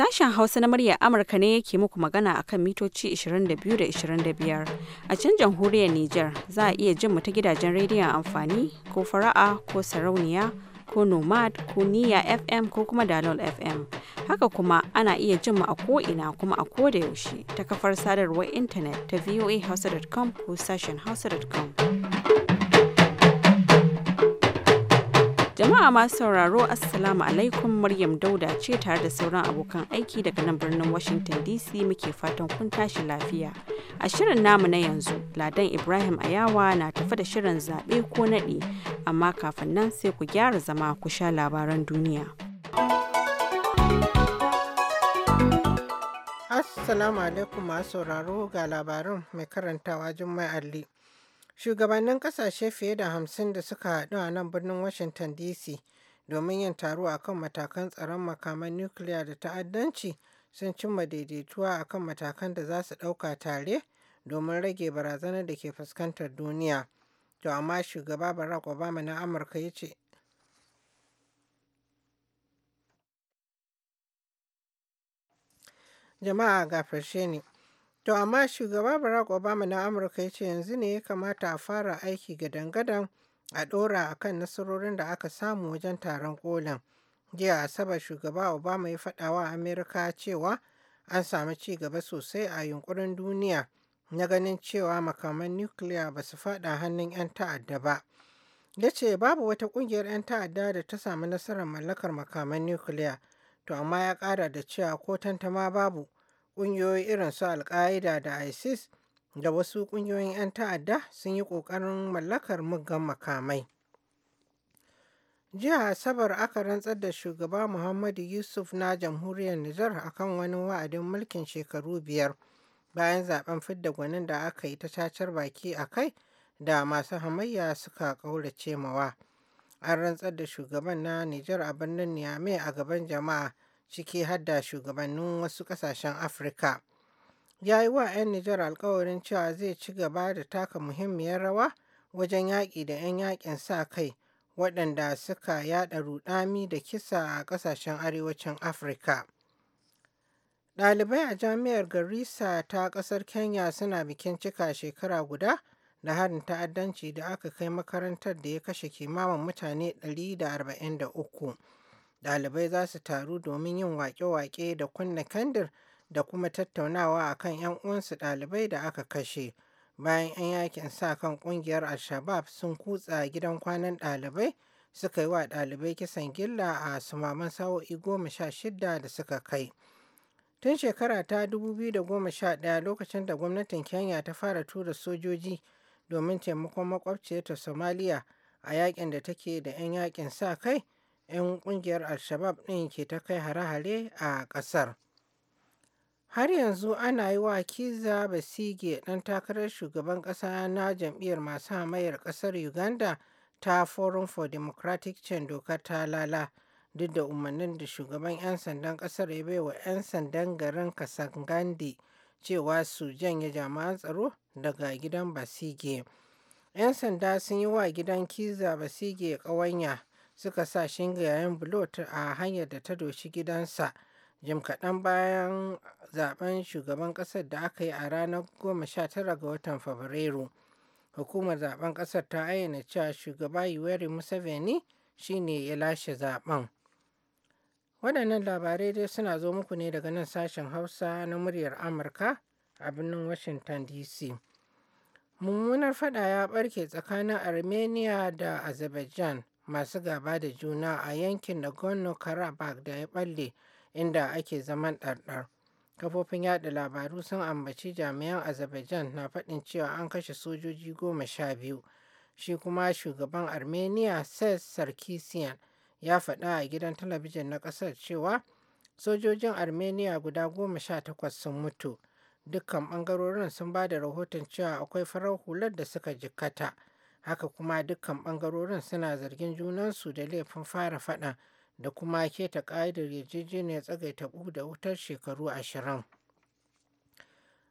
Sashen Hausa na muryar Amurka ne yake muku magana a kan mitoci 22 da 25. A can jamhuriyar Nijar za a iya jin mu ta gidajen rediyon amfani ko fara'a ko sarauniya ko nomad ko niya FM ko kuma dalol FM. Haka kuma ana iya jin mu a ko'ina kuma a koda yaushe ta kafar sadarwar intanet ta voahausa.com ko sashen hausa.com. Jama'a masu sauraro Assalamu alaikum Maryam Dauda ce tare da sauran abokan aiki daga nan birnin Washington DC muke fatan kun tashi lafiya. A shirin namu na yanzu, Ladan Ibrahim Ayawa na tafi da shirin zaɓe ko naɗe, amma kafin nan sai ku gyara zama ku sha labaran duniya. Assalamu alaikum masu sauraro ga labarin mai karantawa Jummai Ali. Shugabannin kasashe fiye da hamsin da suka haɗu a nan birnin Washington DC domin yin taro a kan matakan tsaron makaman nukiliya da ta'addanci sun cimma daidaituwa a kan matakan da za su ɗauka tare domin rage barazanar da ke fuskantar duniya. To amma shugaba Barack Obama na Amurka ya ce Jama'a ga ne. To amma shugaba Barack Obama na Amurka ya ce yanzu ne ya kamata a fara aiki gadan-gadan a ɗora a kan nasarorin da aka samu wajen taron kolin. Jiya Asabar shugaba Obama ya faɗa wa Amerika cewa an samu ci gaba sosai a yunkurin duniya na ganin cewa makaman nukiliya ba su faɗa hannun 'yan ta'adda ba. Ya ce babu wata ƙungiyar 'yan ta'adda da ta samu nasarar mallakar makaman nukiliya, to amma ya ƙara da cewa ko tantama babu Ƙungiyoyi irin su Al-Qaeda da ISIS da wasu ƙungiyoyin 'yan ta'adda sun yi ƙoƙarin mallakar muggan makamai. Jiya Asabar aka rantsar da shugaba Muhammadu Yusuf na jamhuriyar Nijar akan wani wa'adin mulkin shekaru biyar bayan zaben fidda gwanin da aka yi ta cacar baki a kai da masu hamayya suka ƙaurace mawa. An rantsar da shugaban na Nijar a birnin Niamey a gaban jama'a ciki har da shugabannin wasu ƙasashen Afirka. Ya yi wa 'yan Nijar alkawarin cewa zai ci gaba da taka muhimmiyar rawa wajen yaƙi da 'yan yaƙin sa kai waɗanda suka yaɗa rudami da kisa a ƙasashen arewacin Afirka. Ɗalibai a jami'ar Garissa ta ƙasar Kenya suna bikin cika shekara guda da harin ta'addanci da aka kai makarantar da ya kashe kimanin mutane 143. ɗalibai za su taru domin yin waƙe-waƙe da kunna kandir da kuma tattaunawa akan 'yan uwansu ɗalibai da aka kashe bayan 'yan yakin sa kan ƙungiyar al-shabab sun kutsa gidan kwanan ɗalibai suka yi wa ɗalibai kisan gilla a sumaman sa'o'i goma sha shida da suka kai tun shekara ta 2011 lokacin da gwamnatin kenya ta fara tura sojoji domin taimakon makwabciyarta somaliya a yakin da take da 'yan yakin sa kai 'yan kungiyar al-shabab ɗin ke ta kai hare-hare a ƙasar. Har yanzu ana yi wa Kiza basige ɗan takarar shugaban ƙasa na jam'iyyar masu hamayar ƙasar Uganda ta Forum for Democratic Change doka ta lala duk da umarnin da shugaban 'yan sandan ƙasar ya bai wa 'yan sandan garin Kasangandi cewa su janye jama'an tsaro daga gidan Basige. 'Yan sanda sun yi wa gidan Kiza Basige ƙawanya suka sa shinga yayin bulot a hanyar da ta doshi gidansa jim kaɗan bayan zaben shugaban ƙasar da aka yi a ranar goma sha tara ga watan fabrairu hukumar zaben ƙasar ta ayyana cewa shugaba yoweri museveni shine ya lashe zaben waɗannan labarai dai suna zo muku ne daga nan sashen hausa na muryar amurka a birnin washington dc mummunar faɗa ya ɓarke tsakanin armenia da azerbaijan masu gaba da juna a yankin Nagorno-Karabakh da ya ɓalle inda ake zaman ɗarɗar. Kafofin yada labaru sun ambaci jami'an Azerbaijan na faɗin cewa an kashe sojoji goma sha biyu. Shi kuma shugaban Armenia Ses Sarkisian ya faɗa a gidan talabijin na ƙasar cewa sojojin Armenia guda goma sha takwas sun mutu. Dukkan ɓangarorin sun ba da rahoton cewa akwai farar hular da suka jikkata. Haka kuma dukkan ɓangarorin suna zargin junansu da laifin fara faɗan da kuma keta ƙa'idar yarjejeniyar tsagaita buɗe wutar shekaru ashirin.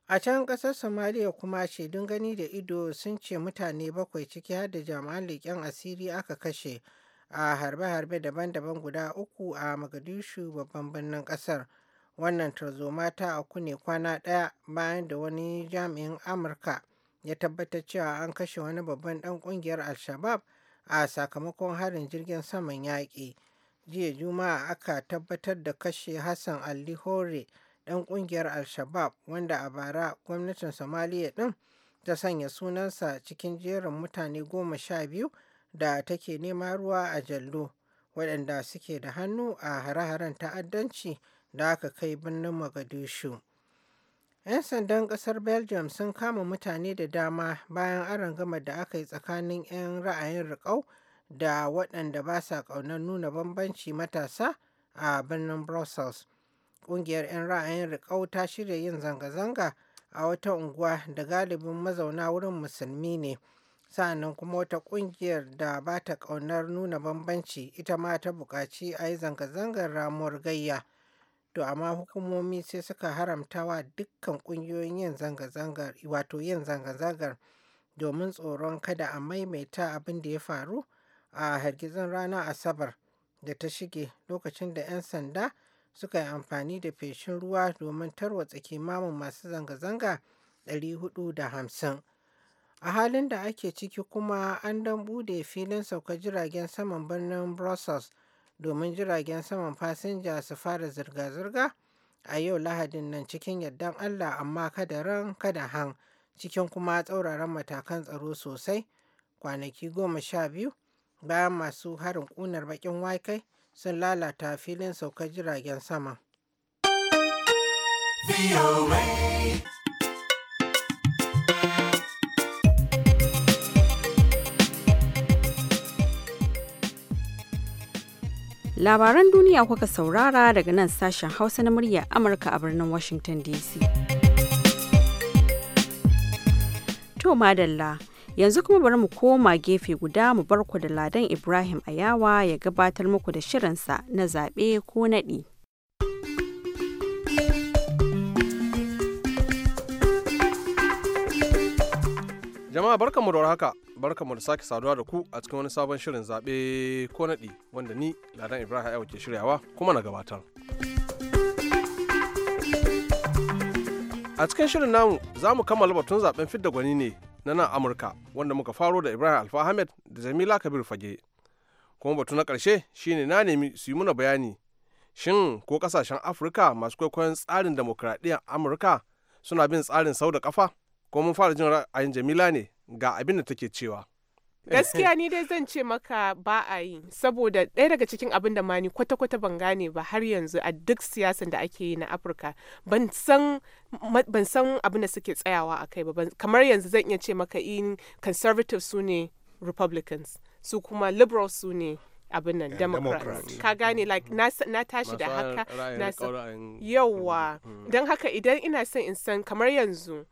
A can ƙasar Somaliya kuma shaidun gani da ido sun ce mutane bakwai ciki har da jami'an leƙen asiri aka kashe a harbe-harbe daban-daban guda uku a Mogadishu babban birnin ƙasar. Wannan tarzoma ta auku ne kwana ɗaya bayan da wani jami'in Amurka ya tabbatar cewa an kashe wani babban ɗan ƙungiyar al-shabab a sakamakon harin jirgin saman yaƙi jiya juma'a aka tabbatar da kashe hassan ali hore ɗan ƙungiyar al-shabab wanda a bara gwamnatin somaliya ɗin ta sanya sunansa cikin jerin mutane goma sha biyu da take nema ruwa a jallo waɗanda suke da hannu a hare-haren ta'addanci da aka kai birnin Magadishu. 'Yan sandan ƙasar Belgium sun kama mutane da dama bayan aron gama da aka yi tsakanin 'yan ra'ayin riƙau da waɗanda ba sa ƙaunar nuna bambanci matasa a birnin Brussels. Ƙungiyar 'yan ra'ayin riƙau ta shirya yin zanga-zanga a wata unguwa da galibin mazauna wurin musulmi ne. sa'annan kuma wata ƙungiyar da ba ta ƙaunar nuna bambanci ita ma ta buƙaci a yi zanga-zangar ramuwar gayya. to amma hukumomi sai suka haramta wa dukkan ƙungiyoyin yin zanga-zangar wato yin zanga-zangar domin tsoron kada a maimaita abin da ya faru a hargitsin rana asabar da ta shige lokacin da 'yan sanda suka yi amfani da feshin ruwa domin tarwatsa kimamin masu zanga-zanga 450 a halin da ake ciki kuma an dan bude filin sauka jiragen saman birnin brussels domin jiragen saman fasinja su fara zirga-zirga a yau lahadin nan cikin yardan Allah amma kada ran kada han cikin kuma tsauraran matakan tsaro sosai kwanaki goma sha biyu bayan masu harin ƙunar baƙin wakai sun lalata filin saukar jiragen sama. Labaran duniya kuka saurara daga nan sashen Hausa na murya Amurka a birnin Washington DC. To madalla, yanzu kuma bari mu koma gefe guda mu barku da Ladan Ibrahim Ayawa ya gabatar muku da shirinsa na zaɓe ko naɗi. Jama'a barkanmu da warhaka, barkanmu da sake saduwa da ku a cikin wani sabon shirin zaɓe ko naɗi wanda ni Ladan Ibrahim ya ke shiryawa kuma na gabatar. A cikin shirin namu za mu kammala batun zaɓen fidda gwani ne na nan Amurka wanda muka faro da Ibrahim Alfa Ahmed da Jamila Kabir Fage. Kuma batu na ƙarshe shine na nemi su yi muna bayani shin ko kasashen Afirka masu kwaikwayon tsarin demokradiyyar Amurka suna bin tsarin sau da kafa. ko mun fara jin ra'ayin jamila ne ga abin da take cewa gaskiya ni dai zan ce maka ba a yi saboda ɗaya daga cikin abin da mani kwata-kwata ban gane ba har yanzu a duk siyasan da ake yi na afirka ban san abin da suke tsayawa a kai ba kamar yanzu zan iya ce maka in conservative su ne republicans su kuma liberal su ne abin nan democrats ka gane mm-hmm. na tashi da haka yauwa mm-hmm. don haka idan ina son in san kamar yanzu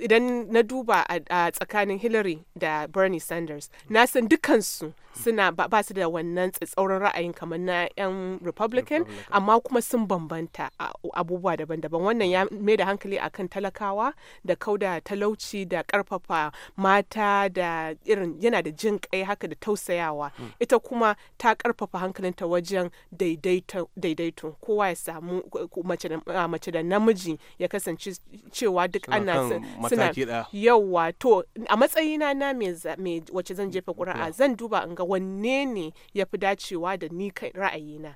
idan na duba a tsakanin hillary da bernie sanders na san dukansu suna ba su da wannan tsauran ra'ayin kamar na 'yan republican amma kuma sun bambanta abubuwa daban-daban wannan ya mai da hankali akan talakawa da kauda talauci da karfafa mata da irin yana da jin kai haka da tausayawa hmm. ita kuma ta karfafa hankalinta wajen daidaito kowa ya samu mace da namiji ya kasance cewa duk ana mataki ɗaya yawa to a matsayina na me wacce zan jefa ƙuri'a zan duba in ga wanne ne ya fi dacewa da ni ra'ayina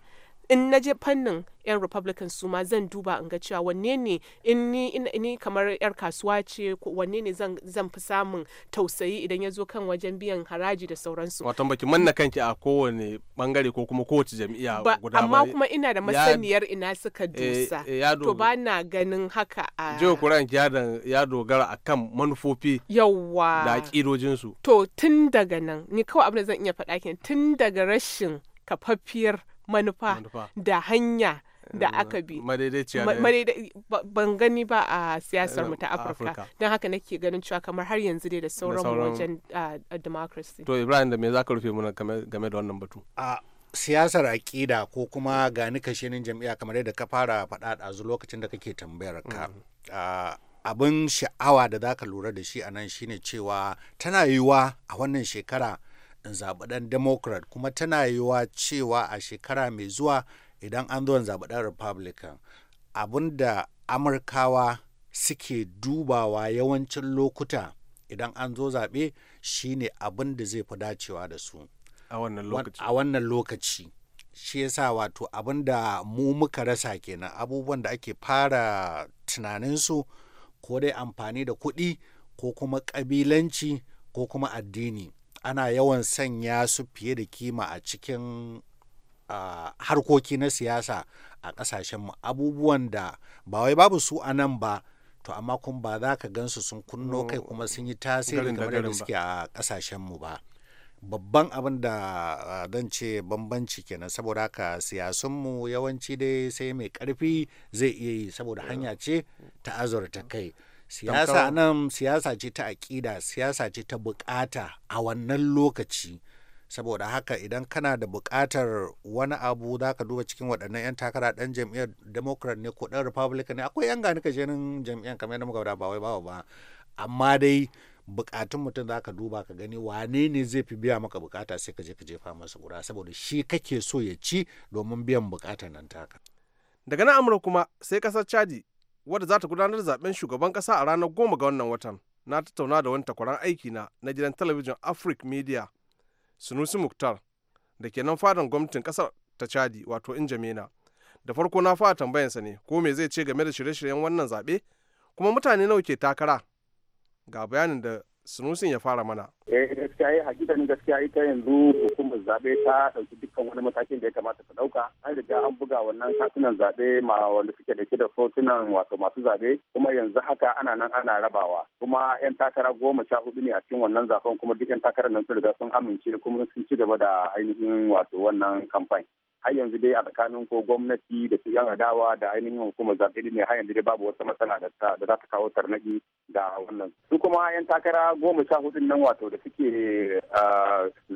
in na je fannin 'yan republican su ma zan duba in ga cewa wanne ne in ni kamar 'yar kasuwa ce wanne ne zan fi samun tausayi idan ya zo kan wajen biyan haraji da sauransu wato baki manna kanki a kowane bangare ko kuma kowace jam'iyya guda amma kuma ina da masaniyar ina suka eh, dusa eh, to ba na ganin haka a jiya kuran ya dogara akan manufofi yawa da kidojinsu. to tun daga nan ni kawai abin da zan iya faɗa tun daga rashin kafaffiyar manufa da hanya da eh, aka bi ban gani ba a siyasar mu ta eh, afirka don haka nake ganin cewa kamar har yanzu dai da sauran wajen ah, democracy to ibrahim da me za ka rufe muna game da wannan batu a siyasar aƙida ko kuma gani kashenin jam'iyya kamar yadda ka fara faɗa a lokacin da kake tambayar ka mm. abin sha'awa da za ka lura da shi a nan shine cewa tana yiwuwa a wannan shekara in zaɓi ɗan democrat kuma tana yiwuwa cewa a shekara mai zuwa idan an zo zaɓi ɗan republican abin da amurkawa suke dubawa yawancin lokuta idan an zo zaɓe shine abin da zai fi dacewa da su a wannan lokaci shi yasa wato abin da mu muka rasa kenan abubuwan da ake fara tunaninsu ko dai amfani da kuɗi ko kuma ƙabilanci ko kuma addini ana yawan sanya su fiye da kima a cikin harkoki na siyasa a mu abubuwan da ba wai babu su a nan ba to amma kun ba za ka gansu sun kunno kai mm, kuma sun yi tasiri kamar da suke a mu ba babban abin da zan ce bambanci kenan saboda haka siyasunmu yawanci dai sai mai karfi zai iya yi saboda hanya ce ta azurta kai. siyasa nan siyasa ce ta aƙida siyasa ce ta bukata a wannan lokaci saboda haka idan kana da bukatar wani abu za ka duba cikin waɗannan 'yan takara ɗan jam'iyyar democrat ne ko ɗan republican ne akwai 'yan gani ka jenin jam'iyyar kamar yadda muka ba wai bawa ba amma dai bukatun mutum za ka duba ka gani wane ne zai fi biya maka bukata sai ka je ka jefa masa gura saboda shi kake so ya ci domin biyan bukatar nan taka daga nan amurka kuma sai kasar chadi wadda za ta gudanar da zaben shugaban kasa a ranar goma ga wannan watan na tattauna da wani takwaran aiki na na gidan talabijin afric media sunusi muktar da ke nan fadan gwamnatin kasar ta chadi wato injamena da farko na fara tambayansa ne ko me zai ce game da shirye-shiryen wannan zaɓe kuma mutane nawa ke takara ga bayanin da sunusin ya fara mana. Eh gaskiya ya eh, hakikanin gaskiya ita yanzu hukumar zaɓe ta ɗauki dukkan wani matakin da ya kamata ta ɗauka. An riga an buga wannan katunan zaɓe ma wanda suke da da sotunan wato masu zaɓe kuma yanzu haka ana nan ana rabawa. Kuma 'yan takara goma sha hudu ne a cikin wannan zaben kuma duk 'yan takarar nan sun riga sun amince kuma sun ci gaba da ainihin wato wannan kamfani. har yanzu dai a tsakanin ko gwamnati da su yan adawa da ainihin hukumar zaɓe ne har yanzu dai babu wata matsala da za ta kawo tarnaƙi da wannan su kuma yan takara goma sha hudun nan wato da suke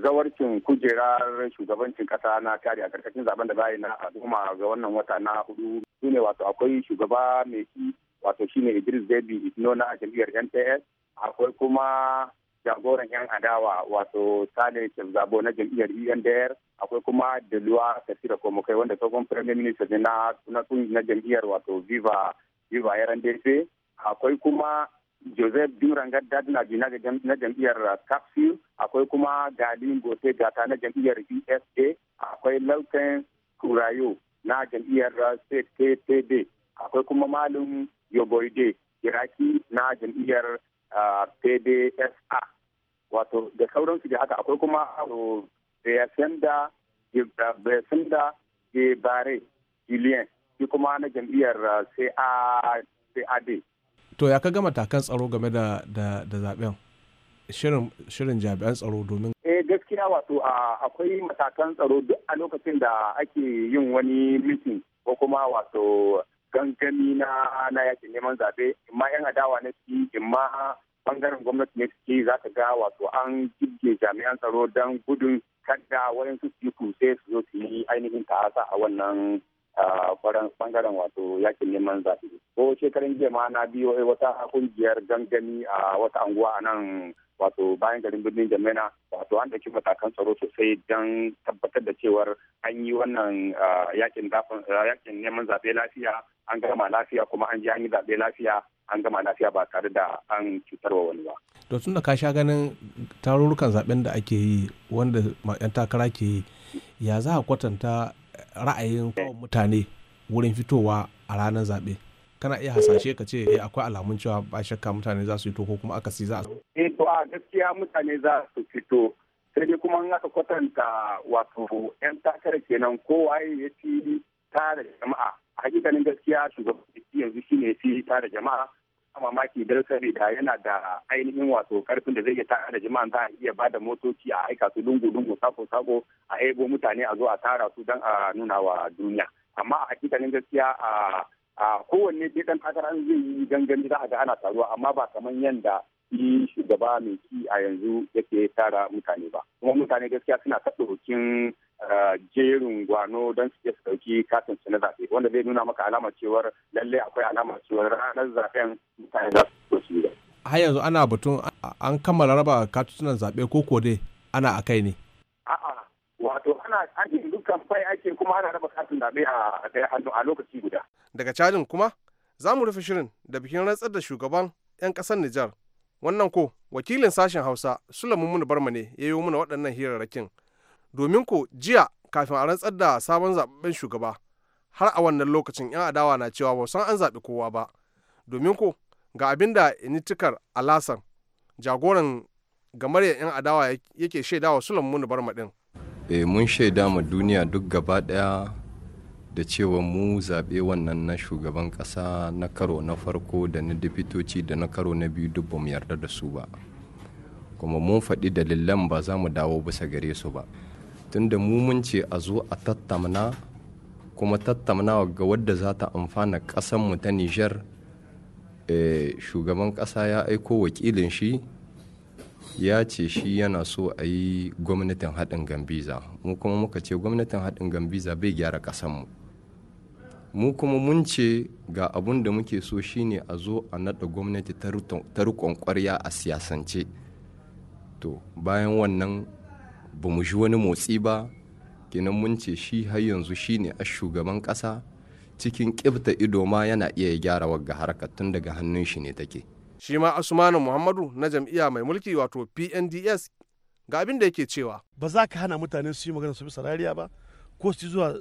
zawarcin kujerar shugabancin ƙasa na kare a ƙarƙashin zaben da za yi na al'umma ga wannan wata na hudu su ne wato akwai shugaba mai wato shine Idris Debi Itno na jam'iyyar NTS akwai kuma jagoran 'yan adawa wato Sale Zabo na jam'iyyar UNDR e akwai kuma Deluwa Tafira kai wanda tsohon Prime Minister ne na na jam'iyyar wato Viva Viva Yaran akwai kuma Joseph Durangar Dadna na jam'iyyar Capsule akwai kuma Galin Gote Gata na jam'iyyar ESA akwai Lautan Kurayo na jam'iyyar ctd akwai kuma Malum Yoboide Iraki na jam'iyyar ah, PDSA wato da sauransu da haka akwai kuma da Besanda de Bare Julien shi kuma na jam'iyyar CAD. Uh, to ya ka gama takan tsaro game da zaben shirin jami'an tsaro domin? Eh gaskiya wato akwai matakan tsaro duk a lokacin da ake yin wani mitin ko kuma wato gangami na yakin neman zaɓe imma 'yan adawa na ci imma bangaren gwamnati ne suke za ka ga wato an jibge jami'an tsaro don gudun kada wayan su yi sai su zo su yi ainihin ta'asa a wannan bangaren wato yakin neman zaɓe. Ko shekarun jiya ma na biyo wata kungiyar gangami a wata anguwa a nan wato bayan garin birnin Jamena wato an ɗauki matakan tsaro sosai don tabbatar da cewar an yi wannan yakin neman zaɓe lafiya an gama lafiya kuma an ji an yi zaɓe lafiya an gama lafiya ba tare da an cutarwa wani ba. To tun da ka sha ganin tarurrukan zaben da ake yi wanda 'yan takara ke yi ya za a kwatanta ra'ayin mutane wurin fitowa a ranar zaɓe. kana iya hasashe ka ce eh akwai alamun cewa ba shakka mutane za su yi to ko kuma akasi za su eh to a gaskiya mutane za su fito sai dai kuma in aka kwatanta wato yan takara kenan kowa ya ci tare jama'a hakikanin gaskiya shugaban yanzu shine fi da jama'a mamaki don saboda yana da ainihin wato karfin da zai iya tara da jama'a za a iya ba da motoci a aika su lungu lungu sako sako a ebo mutane a zo a tara su don a nuna wa duniya amma a hakikanin gaskiya a kowanne dai dan an zai yi gangan za a ga ana taruwa amma ba kamar yadda yi shugaba mai ki a yanzu yake tara mutane ba kuma mutane gaskiya suna ta ɗaukin ah, jerin gwano don su su dauki katin su na zaɓe wanda zai nuna maka alamar cewar lallai akwai alamar cewar ranar zaɓen mutane za su su yi har yanzu ana batun an kammala raba katutunan zaɓe ko ko dai ana a kai ne a'a wato ana ake dukkan fai ake kuma ana raba katin zaɓe a ɗaya hannu a lokaci guda daga cajin kuma za mu rufe shirin da bikin rantsar da shugaban 'yan ƙasar Nijar Wannan ko wakilin sashen Hausa Sulaiman Muni Barma ne ya yi mana waɗannan hirarrakin. Domin ko jiya kafin a rantsar da sabon zaɓen shugaba har a wannan lokacin 'yan adawa na cewa ba san an zaɓi kowa ba. Domin ko ga abin da initikar alasan jagoran gamarya 'yan adawa yake shaidawa Sulaiman Muni Barma din. eh mun shaida ma duniya duk gaba ɗaya da cewa mu zaɓe wannan na shugaban ƙasa na karo na farko da na difitoci da na karo na biyu duk ba mu yarda da su ba kuma mun faɗi dalilan ba za mu dawo bisa gare su ba tunda mu mun ce a zo a tattamna kuma tattaunawa ga wadda za ta amfana mu ta nijar eh, shugaban ƙasa ya aiko wakilin shi ya ce shi yana so a yi gwamnatin haɗin gambiza mu kuma muka ce gwamnatin haɗin gambiza bai gyara ƙasanmu mu kuma mun ce ga abun da muke so shine a zo a naɗa gwamnati ta rikon kwarya a siyasance to bayan wannan ba mu ji wani motsi ba kenan mun ce shi har yanzu shine a shugaban ƙasa cikin ƙibta ido ma yana iya gyara wagga harkar tun daga hannun shi ne take shi ma usmanu muhammadu na jam'iyya mai mulki wato pnds ga abin da yake cewa ba za ka hana mutane su yi magana su bisa rariya ba ko su zuwa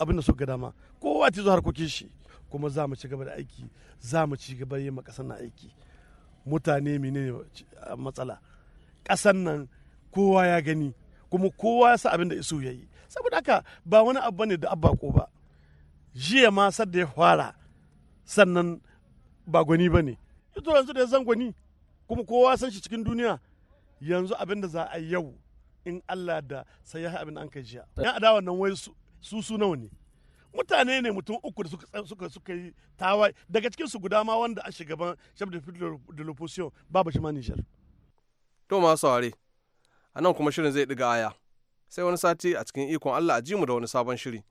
abin da ga dama kowa ta zo harkokin shi kuma za mu ci gaba da aiki za mu ci gaba yin ƙasar na aiki mutane mine ne matsala ƙasan nan kowa ya gani kuma kowa ya sa abin da isu ya yi saboda haka ba wani abu ne da abako ba jiya ma sadda ya fara sannan ba gwani ba ne ito yanzu da ya zan gwani kuma kowa san shi cikin duniya yanzu abin da za a yau in Allah da sai ya abin da an kai jiya ya adawa nan wai su su su nawa ne mutane ne mutum uku da suka suka suka yi tawa daga cikin su guda ma wanda a shugaban chef de file de l'opposition babu shi ma Niger to ma saware a nan kuma shirin zai diga aya sai wani sati a cikin ikon Allah a ji mu da wani sabon shiri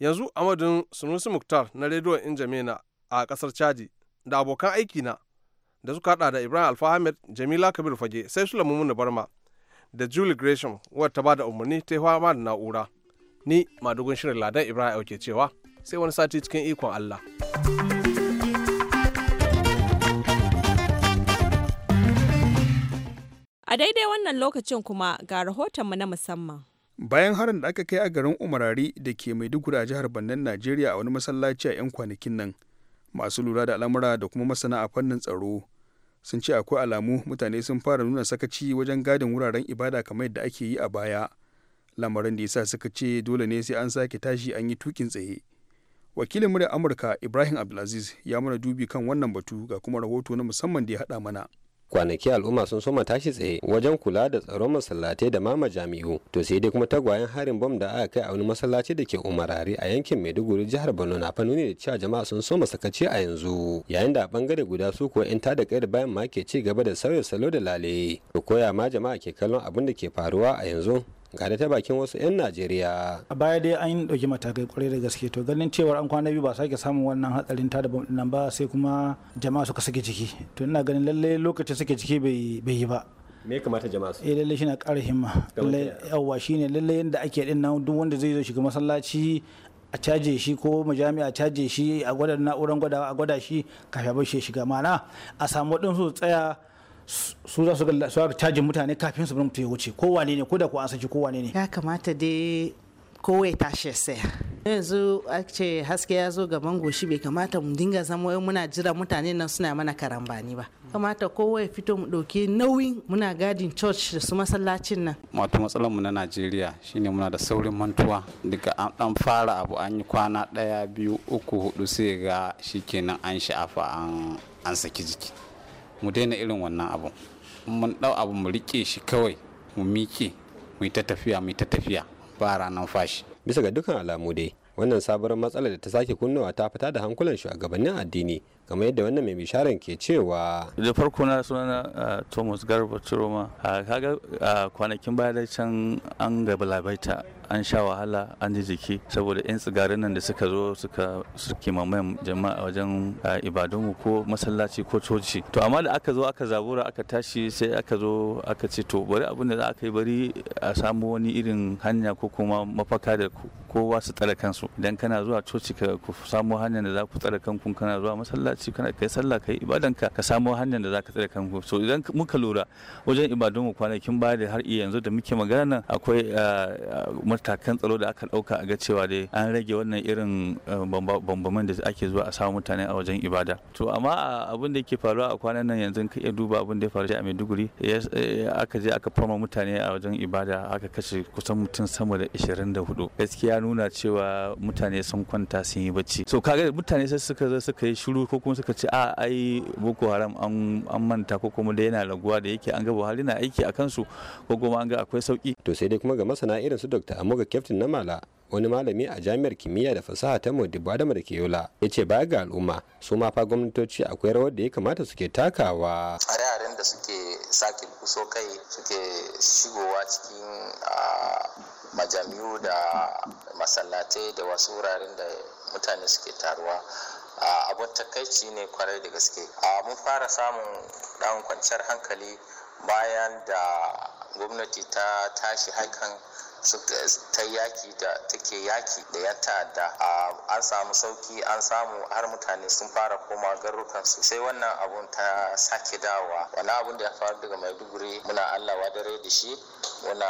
yanzu amadun sunusi muktar na rediyon injamena a kasar chadi da abokan aiki na da suka hada da ibrahim alfahamed jamila kabir fage sai sulaiman barma da julie gresham wadda ta ba da umarni ta yi da na'ura ni madugun shirin ladan ibrahim ke cewa sai wani sati cikin ikon allah a daidai wannan lokacin kuma ga rahotonmu na musamman bayan harin da aka kai a garin umarari da ke maiduguri a jihar bannan najeriya a wani masallaci a 'yan kwanakin nan masu lura da al'amura da kuma masana a fannin tsaro sun ce akwai alamu mutane sun fara nuna sakaci wajen gadin wuraren ibada kamar yadda ake yi a baya lamarin da yasa suka ce dole ne sai an sake tashi an yi tukin tsaye wakilin murya amurka ibrahim abdulaziz ya mana dubi kan wannan batu ga kuma rahoto na musamman da ya hada mana kwanaki al'umma sun soma tashi tsaye wajen kula da tsaron masallatai da mama jami'u to sai dai kuma tagwayen harin bom da aka kai a wani masallaci da ke umarare a yankin maiduguri jihar borno na fa nuni da cewa jama'a sun soma sakaci a yanzu yayin da a bangare guda su kuwa da tada da bayan ma ke ci gaba da sauya salo da lale to koya ma jama'a ke kallon abin da ke faruwa a yanzu ga ta bakin wasu 'yan najeriya a baya dai an ɗauki matakai kwarai da gaske to ganin cewar an kwana biyu ba sake samun wannan hatsarin ta da nan ba sai kuma jama'a suka sake ciki to ina ganin lallai lokacin sake ciki bai yi ba me ya kamata jama'a su eh lallai shi na kara himma yawwa shi ne lallai yadda ake din nan duk wanda zai zo shiga masallaci a caje shi ko majami'a a caje shi a gwada na'uran gwadawa a gwada shi kafin bar shiga ma'ana a samu waɗansu tsaya su za su ga cajin mutane kafin su bar ya wuce kowane ne ko da ko an saki kowane ne ya kamata dai kowai tashi saya yanzu a ce haske ya zo gaban goshi bai kamata mu dinga zama yau muna jira mutane nan suna mana karambani ba kamata kowai fito mu ɗauki nauyin muna gadin church da su masallacin nan wato matsalar mu na Najeriya shine muna da saurin mantuwa daga an dan fara abu an yi kwana ɗaya biyu uku hudu sai ga shikenan an sha'afa an saki jiki mu daina irin wannan abun mun ɗau abu mu rike shi kawai mu miƙe mu ta tafiya mu ta tafiya ba ranar fashi bisa ga dukkan alamu dai wannan sabuwar matsalar da ta sake kunnawa ta fita da hankulan shugabannin addini kamar yadda wannan mai bisharan ke cewa da farko na sunana thomas garba ciroma kaga kwanakin baya da can an gaba labaita an sha wahala an ji jiki saboda 'yan tsigarin nan da suka zo suka suke mamayan jama'a wajen ibadunmu ko masallaci ko coci to amma da aka zo aka zabura aka tashi sai aka zo aka ce to bari abin da za aka yi bari a samu wani irin hanya ko kuma mafaka da kowa su tsare kansu idan kana zuwa coci ka samu hanyar da za ku tsare kanku kana zuwa masallaci masallaci kana kai sallah kai ibadanka ka samo hanyar da zaka tsare kanku so idan muka lura wajen ibadun mu kwanakin baya da har iya yanzu da muke magana nan akwai ah, ah, matakan tsaro da aka dauka a ga cewa dai an rage wannan irin ah, bambaman da ake zuwa a samu mutane a wajen ibada to amma abin da yake faruwa a kwanan nan yanzu ka iya duba abin da ya faru a Maiduguri eh, aka je aka fama mutane a wajen ibada aka kashe kusan mutum sama da 24 gaskiya nuna cewa mutane sun kwanta sun yi bacci so kaga mutane sai suka zo suka yi shiru ko kuma suka ce a ai boko haram an manta ko kuma da yana raguwa da yake an ga buhari na aiki a kansu ko kuma an ga akwai sauki to sai dai kuma ga masana irin su dr amoga kyaftin na mala wani malami a jami'ar kimiyya da fasaha ta modibo da ke yola ya ce baya ga al'umma su ma fa gwamnatoci akwai rawar da ya kamata suke takawa tsare-tsaren da suke sake kuso kai suke shigowa cikin majami'u da masallatai da wasu wuraren da mutane suke taruwa abun takaici ne kwarai da gaske mun fara samun dan kwanciyar hankali bayan da gwamnati ta tashi haikan. ta yaki da take yaki da ya ta'adda an samu sauki an samu har mutane sun fara koma garurkan su sai wannan abun ta sake dawa wani abun da ya faru daga maiduguri muna allah wadare da shi muna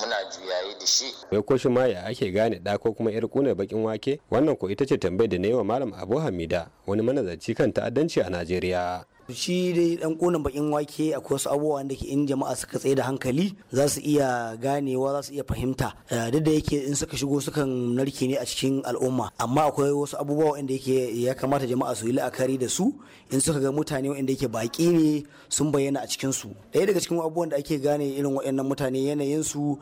muna juyayi da shi wai ko shi ma ya ake gane da ko kuma yar kunar bakin wake wannan ko ita ce tambayar da na yi wa malam abu hamida wani manazarci kan ta'addanci a najeriya shi dai dan kona bakin wake akwai wasu abubuwa da ke in jama'a suka tsaye da hankali za su iya ganewa za su iya fahimta eh, duk da yake in suka shigo sukan narke ne a cikin al'umma amma akwai wasu abubuwa wanda yake ya kamata jama'a su yi la'akari da su in suka ga mutane wanda yake baki ne sun bayyana a cikin su daya daga cikin abubuwan da ake gane irin waɗannan mutane yanayin su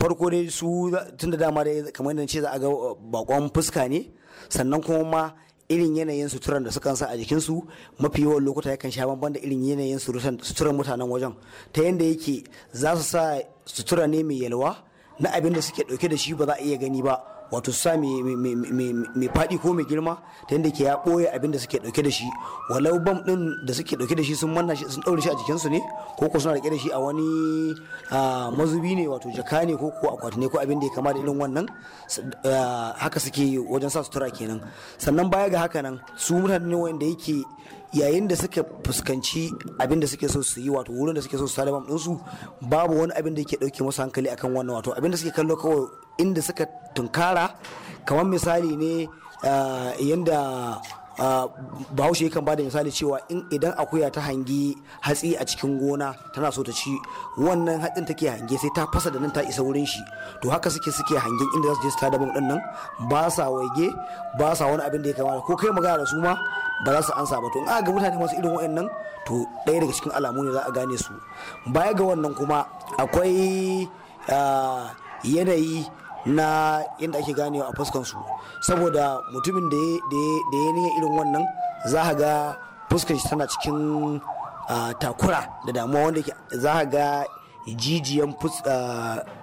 farko dai su tunda dama dai kamar yadda ce za a ga eh, bakon fuska ne sannan kuma ma irin yanayin suturan da sukan sa a jikinsu mafi yawan lokuta yakan sha bamban da irin yanayin suturan mutanen wajen ta yanda yake za su sa sutura ne mai yalwa na abin da suke dauke da shi ba za a iya gani ba wato sa mai faɗi ko mai girma ta yadda ke ya ɓoye abin da suke ɗauke da shi walau bam ɗin da suke ɗauke da shi sun manna sun ɗaure shi a jikinsu ne ko ko suna rike da shi a wani mazubi ne wato jaka ne ko ko akwati ne ko abin da ya kama da irin wannan haka suke wajen sa sutura kenan sannan baya ga haka nan su mutane ne wanda yake yayin da suka fuskanci abin da suke so su yi wato wurin da suke so su sada bam ɗinsu babu wani abin da yake dauke musu hankali akan wannan wato abin da suke kallo kawai inda suka tunkara kamar misali ne ah, yanda bahaushe yakan bada misali cewa in idan akuya ta hangi hatsi a cikin gona tana so ta ci wannan hatsin take hange sai ta fasa da nan ta isa wurin shi to haka suke suke hangen inda za su je su tada bam din nan ba sa waige ba sa wani abin da ya kamata ko kai magana da su ma ba za su ansa ba to in aka ga mutane masu irin wa'annan to ɗaya daga cikin alamu ne za a gane su baya ga wannan kuma akwai yanayi na inda ake ganewa a fuskansu saboda mutumin da ya niyan irin wannan za a ga fuskan shi tana cikin takura da damuwa wanda za a ga jijiyan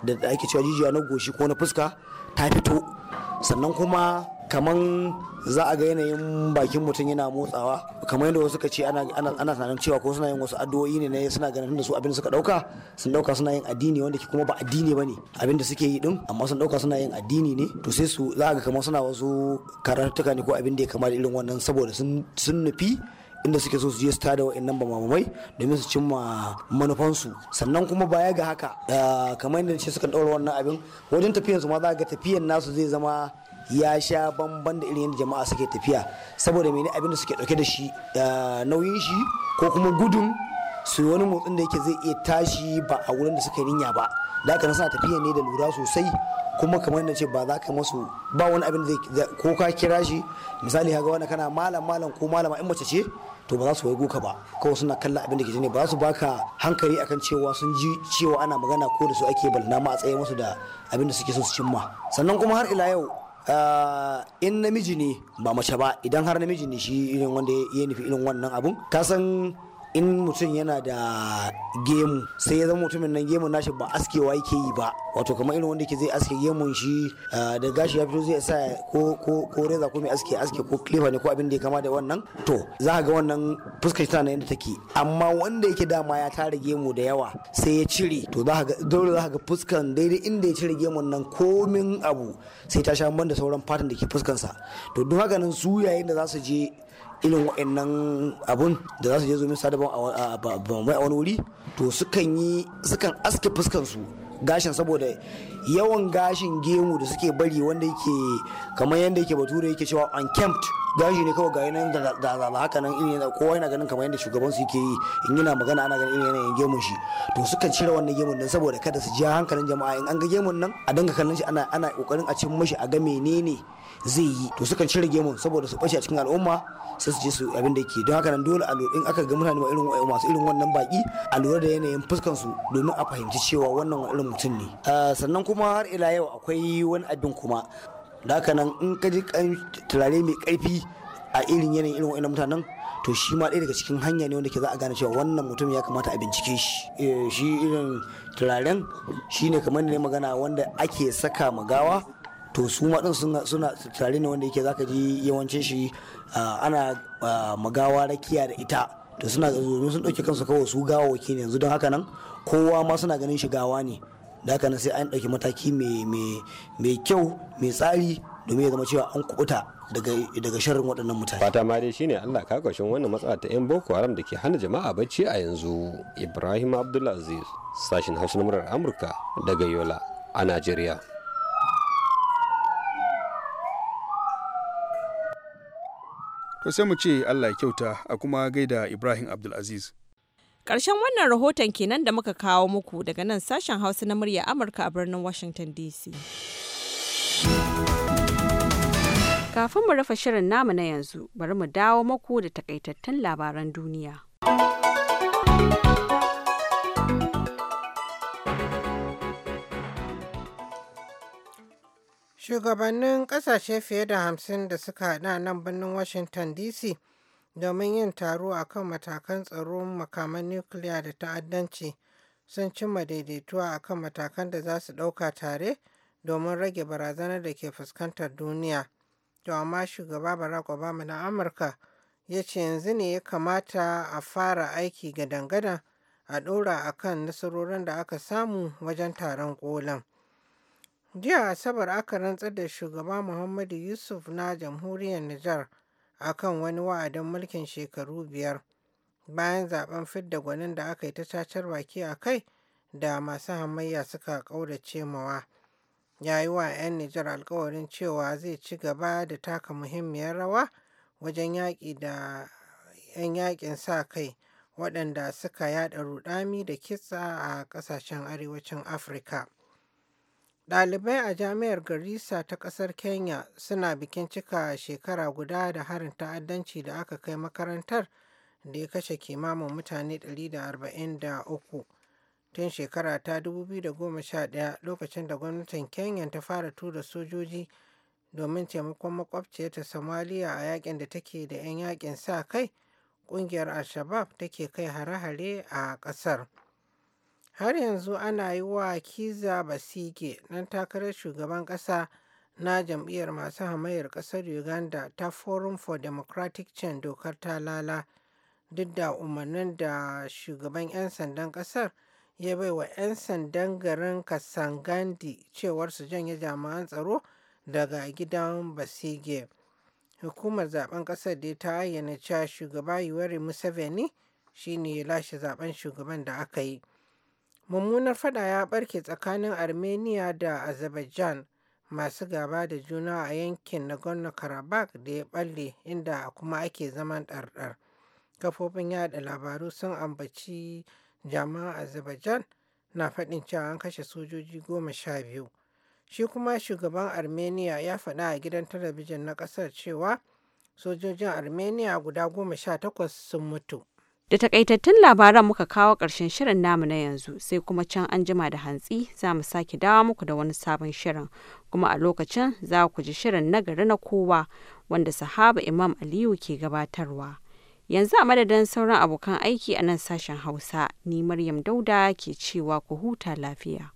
da ake cewa jijiya na goshi ko na fuska ta fito sannan kuma kaman za a ga yanayin bakin mutum yana motsawa kamar yadda wasu ka ce ana tunanin cewa ko suna yin wasu addu'o'i ne suna ganin da su abin suka dauka sun dauka suna yin addini wanda ke kuma ba addini bane abin da suke yi din amma sun dauka suna yin addini ne to sai su za ga kamar suna wasu karatuka ne ko abin da ya kama da irin wannan saboda sun nufi inda suke so su je su tada wa'annan ba mamamai domin su cimma manufansu sannan kuma baya ga haka ah, kamar yadda ce suka daura wannan abin wajen tafiyan su ma za a ga tafiyan nasu zai zama ya sha bamban da irin yadda jama'a suke tafiya saboda mene abin da suke dauke da shi eh, nauyin shi ko kuma gudun su wani motsin da yake zai iya tashi ba a wurin da suka yi ninya ba da haka nasa tafiya ne da lura sosai kuma kamar da ce ba za ka masu ba wani abin da ko ka kira shi misali ka wani kana malam malam ko malama in mace ce to ba za su wai ka ba kawai suna kalla abin da ke jini ba za su baka hankali akan cewa sun ji cewa ana magana ko da su ake balna ma a tsaye masu da abin da suke so su cimma sannan kuma har ila yau Eh, in namiji ne ba mace ba idan har namiji ne shi irin wanda ya nufi irin wannan abun kasan in mutum yana da gemu sai ya zama mutumin nan gemun nashi ba askewa yake yi ba wato kamar irin wanda ke zai aske gemun shi ah, da gashi ya fito zai sa ko ko ko reza ko mai aske aske ko klifa ne ko abin da ya kama da wannan to za ga wannan fuskar tana yadda take amma wanda yake dama ya tara gemu da yawa sai ya cire to za ga dole za ga fuskan daidai inda ya cire gemun nan komin abu sai ta sha da sauran fatan da ke fuskansa to duk haka nan su yayin da za su je irin wa'annan abun da za su je zomin sada a wani wuri to sukan yi sukan aske fuskansu gashin saboda yawan gashin gemu da suke bari wanda yake kamar yadda yake bature yake cewa unkempt gashi ne kawai ga yanayin da zaba haka nan in yana kowa yana ganin kamar yadda shugaban su yake yi in yana magana ana ganin irin yanayin gemun shi to sukan cire wannan gemun nan saboda kada su ji hankalin jama'a in an ga gemun nan a dinga kallon shi ana ana kokarin a cin mashi a ga menene zai yi to sukan cire gemun saboda su bace a cikin al'umma sai su je su abin da yake don haka nan dole a in aka ga mutane irin masu irin wannan baki a lura da yanayin fuskan su domin a fahimci cewa wannan irin mutum ne ah, sannan kuma har ila yau akwai wani abin kuma da haka nan in ka ji turare mai karfi a irin yanayin irin wa'annan mutanen to shi ma ɗaya daga cikin hanya ne wanda ke za a gane cewa wannan mutum ya kamata a bincike shi eh, shi irin turaren shi ne kamar ne magana wanda ake saka magawa to su ma ɗin suna turare ne wanda yake za ka ji yawancin shi ana magawa rakiya da ita to suna domin sun ɗauke kansu kawai su gawa wakili yanzu don haka nan kowa ma suna ganin shi gawa ne da haka sai an ɗauki mataki mai kyau mai tsari domin ya zama cewa an kubuta daga sharrin waɗannan mutane. Fata ma dai shine Allah ka kwashin wannan matsala ta 'yan Boko Haram da ke hana jama'a bacci a yanzu. Ibrahim Abdulaziz sashin Hausa na murar Amurka daga Yola a Najeriya. To sai mu ce Allah ya kyauta a kuma gaida Ibrahim Abdulaziz. Ƙarshen wannan rahoton kenan da muka kawo muku daga nan sashen Hausa na murya Amurka a birnin Washington DC. Kafin mu rufe shirin namu na yanzu, bari mu dawo muku da takaitattun labaran duniya. Shugabannin ƙasashe fiye da hamsin da suka haɗa nan birnin Washington DC domin yin taro a kan matakan tsaron makaman nukiliya da ta'addanci sun cimma daidaituwa a kan matakan da za su ɗauka tare domin rage barazanar da ke fuskantar duniya. To amma shugaba Barack Obama na Amurka ya ce yanzu ne ya kamata a fara aiki gadan-gadan a ɗora a kan nasarorin da aka samu wajen taron ƙolin. Jiya Asabar aka rantsar da shugaba Muhammadu Yusuf na jamhuriyar Nijar. a kan wani wa'adin mulkin shekaru biyar bayan zaben fidda gwanin da aka yi ta cacar baki a kai da masu hamayya suka ƙaurace mawa ya yi wa 'yan nijar alkawarin cewa zai ci gaba da taka muhimmiyar rawa wajen yaƙi da 'yan yaƙin sa kai waɗanda suka yaɗa rudami da kitsa a ƙasashen arewacin afirka Ɗalibai a Jami'ar Garissa ta ƙasar Kenya suna bikin cika shekara guda da harin ta'addanci da aka kai makarantar da ya kashe kimamin mutane 143 tun shekara ta 2011 lokacin da gwamnatin Kenya ta fara tura sojoji domin taimakon makwabciyarta Somalia a yakin da take da 'yan yakin sa kai ƙungiyar Al-Shabab take kai hare-hare a ƙasar. har yanzu ana yi wa kiza basike ɗan takarar shugaban ƙasa na jam'iyyar masu hamayar ƙasar Uganda ta Forum for Democratic Change dokar ta lala duk da umarnin da shugaban 'yan sandan ƙasar ya bai wa 'yan sandan garin Kasangandi cewar su janye jami'an tsaro daga gidan basige Hukumar zaben ƙasar da ta ayyana cewa shugaba yuwari Museveni shine ya lashe zaben shugaban da aka yi. mummunar fada ya barke tsakanin armenia da azerbaijan masu gaba da juna a yankin nagorno-karabakh da ya balle inda kuma ake zaman ɗarɗar kafofin yada labaru sun ambaci jama'a azerbaijan na faɗin cewa an kashe sojoji goma sha biyu shi kuma shugaban armenia ya faɗa a gidan talabijin na ƙasar cewa sojojin armenia guda goma sha takwas sun mutu Da takaitattun labaran muka kawo ƙarshen shirin namu na yanzu sai kuma can an jima da hantsi za mu sake dawo muku da wani sabon shirin kuma a lokacin za ku ji shirin na gari na kowa wanda sahaba Imam Aliyu ke gabatarwa. Yanzu a madadin sauran abokan aiki a nan sashen Hausa ni Maryam Dauda ke cewa ku huta lafiya.